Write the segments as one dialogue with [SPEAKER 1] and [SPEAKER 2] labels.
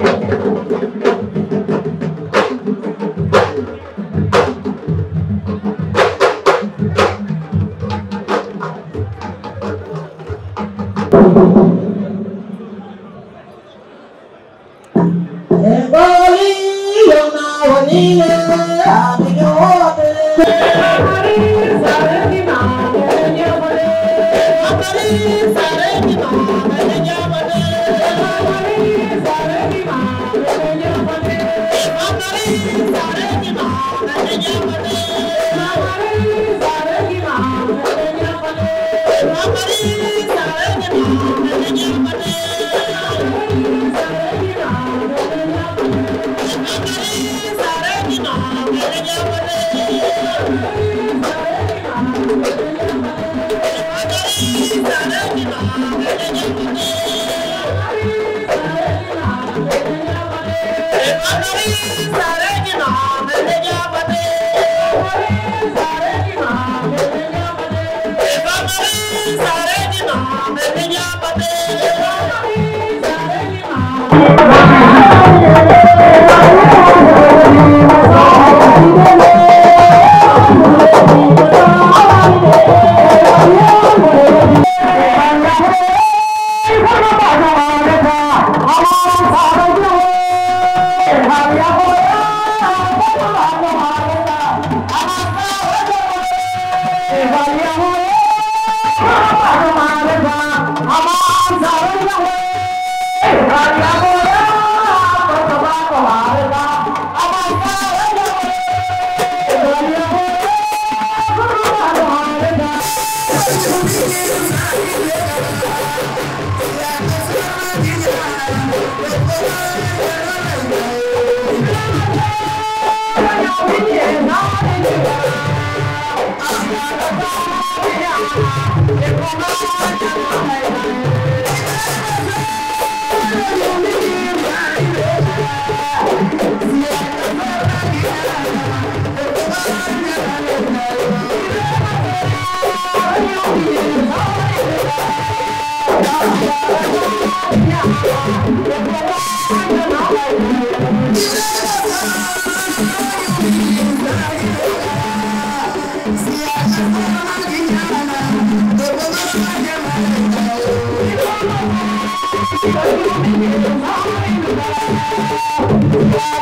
[SPEAKER 1] Everybody, you're now a leader. I'll be your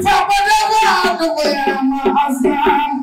[SPEAKER 1] فبدأ بعض يا ما أصاب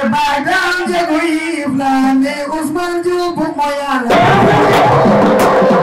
[SPEAKER 1] te baayam jéego yi Usman Jóob mooy Yàlla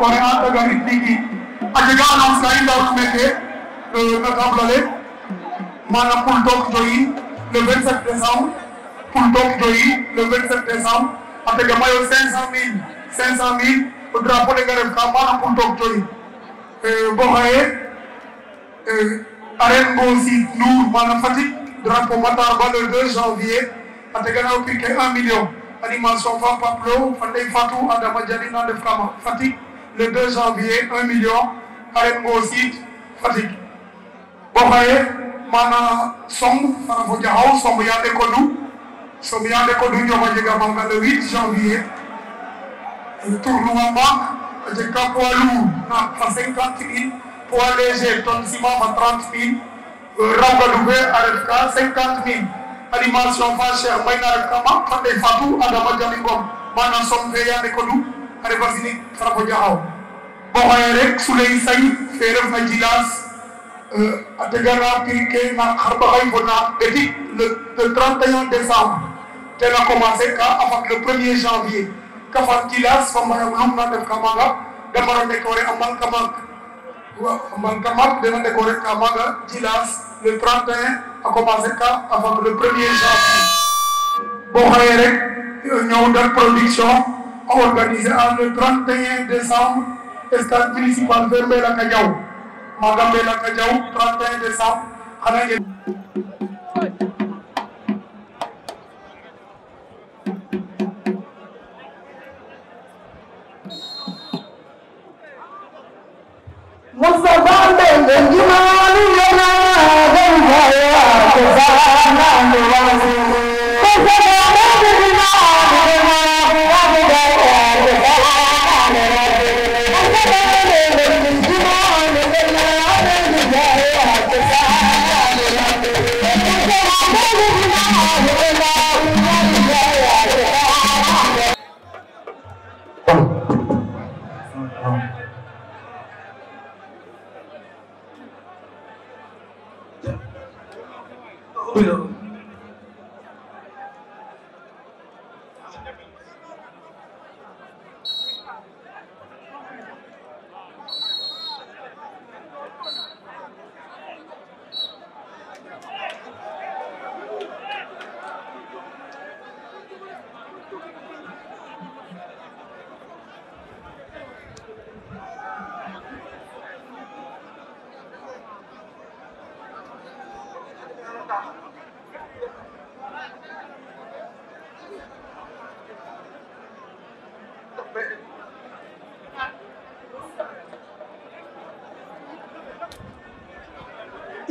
[SPEAKER 2] koreață garistici. Ajegana sainda usmeke natablale mana pultok joyi le 27 décembre pultok joyi le 27 décembre atega mayo 500000 500000 drapeau de garem ka mana pultok joyi bo xaye aren ngosi nour mana Fatick drapeau Matar Ba le 2 janvier ategana o pique 1 million animation fa Paplo Fandey Fatou Adama Dialy na ndef kama Fatick le 2 janvier 1 million arrêté au site Fatick. boo xoolee maanaam somb maanaam fo jaxaw somb yaa de kodu somb yaa de kodu ñoo ma jega maanaam le 8 janvier tournoi mag a jeg ka poids lourd na cinquante mille poids léger tonne ciment ma trente mille euh, rawgadou fe a ref ka cinquante mille animation fa Cheikh Mbaye na ref ka ma fa Ndeye Fatou Adama Diaby Ngom maanaam som fe yaa de ari basini sara ko jaxaw boo xoolee rek su say feerem a jilaas a degara prix ke na xarɓa xay fo na depuis le trente un décembre ten a commencé ka a fak le premier janvier ka fak jilaas fa maya ulum na ndef ka maaga da mbaro décorer a man ka maak a man ka maak dena décorer ka maaga jilaas le trente et un a commencé ka a fak le premier janvier boo xoolee rek euh, ñëw dan organisé en a 31 décembre stade municipal vers Mbeelaka Diaw Magal Mbeelaka Diaw 31 décembre xanaa ngeen Mustafa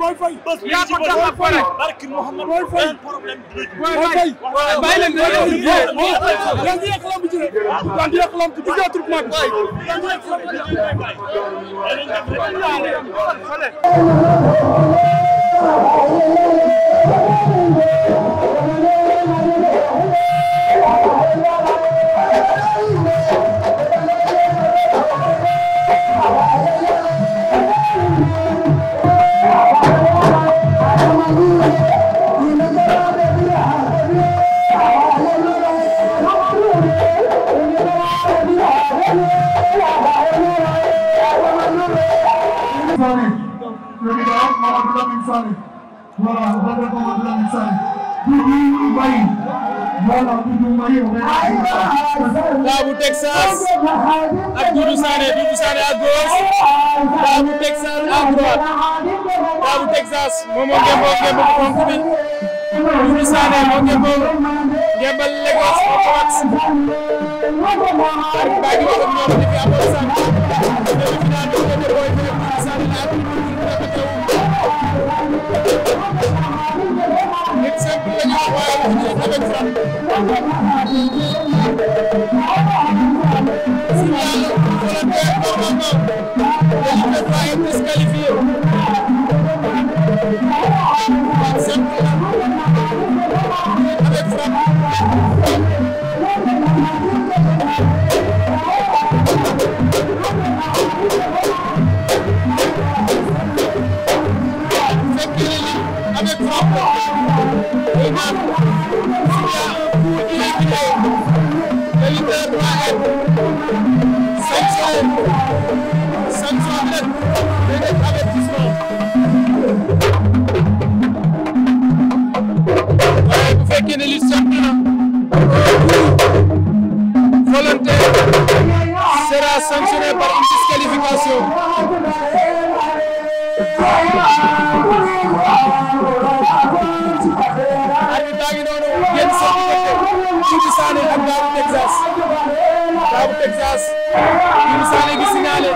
[SPEAKER 2] booy fay. yaa ko tax a pare. booy fay booy fay. bàyyi leen di leen booy fay. yaa ngi yàq lamb
[SPEAKER 1] ji rek. yaa ngi yàq lamb ji gis nga attroupement bi. yaa ngi yàq lamb ji. Texas moom moo ngembo ngembo bu xonk bi Doudou Sané moo ngembo ngembal Lagos Automax ak bàyyi wala ñoo ko defee amoon sànq demi final bi ñu doon booy bëre Doudou Sané la ak nit simple la ñu waaye avec frappe Texas Sané gi signalé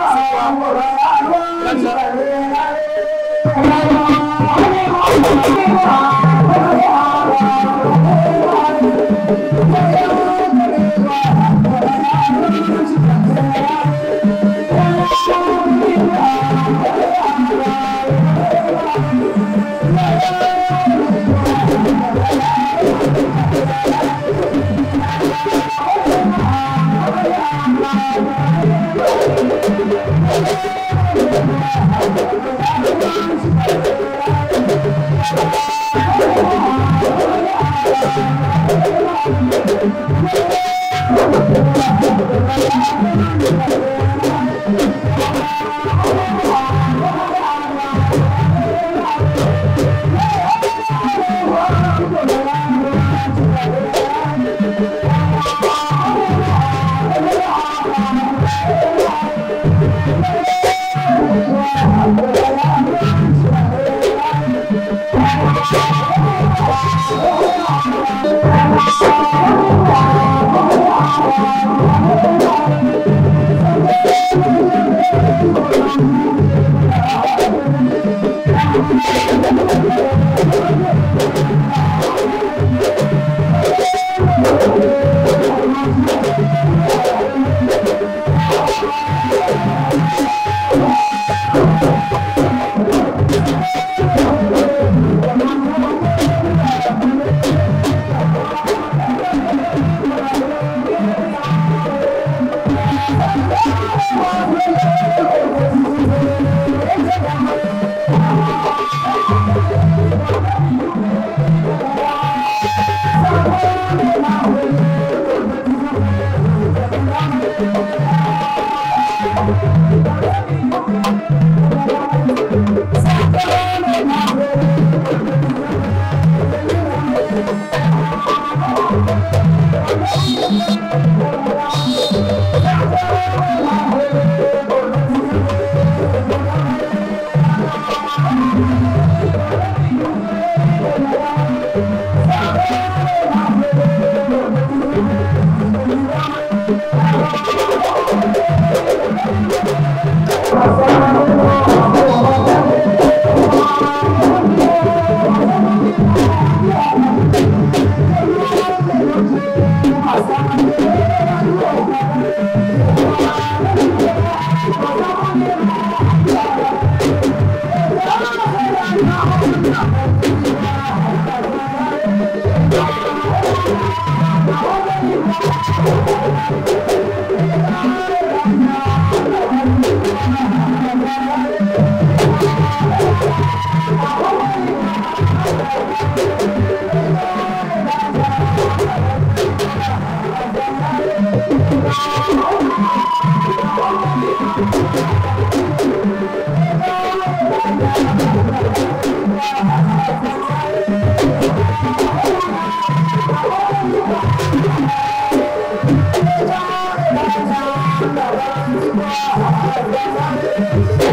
[SPEAKER 1] Thank you.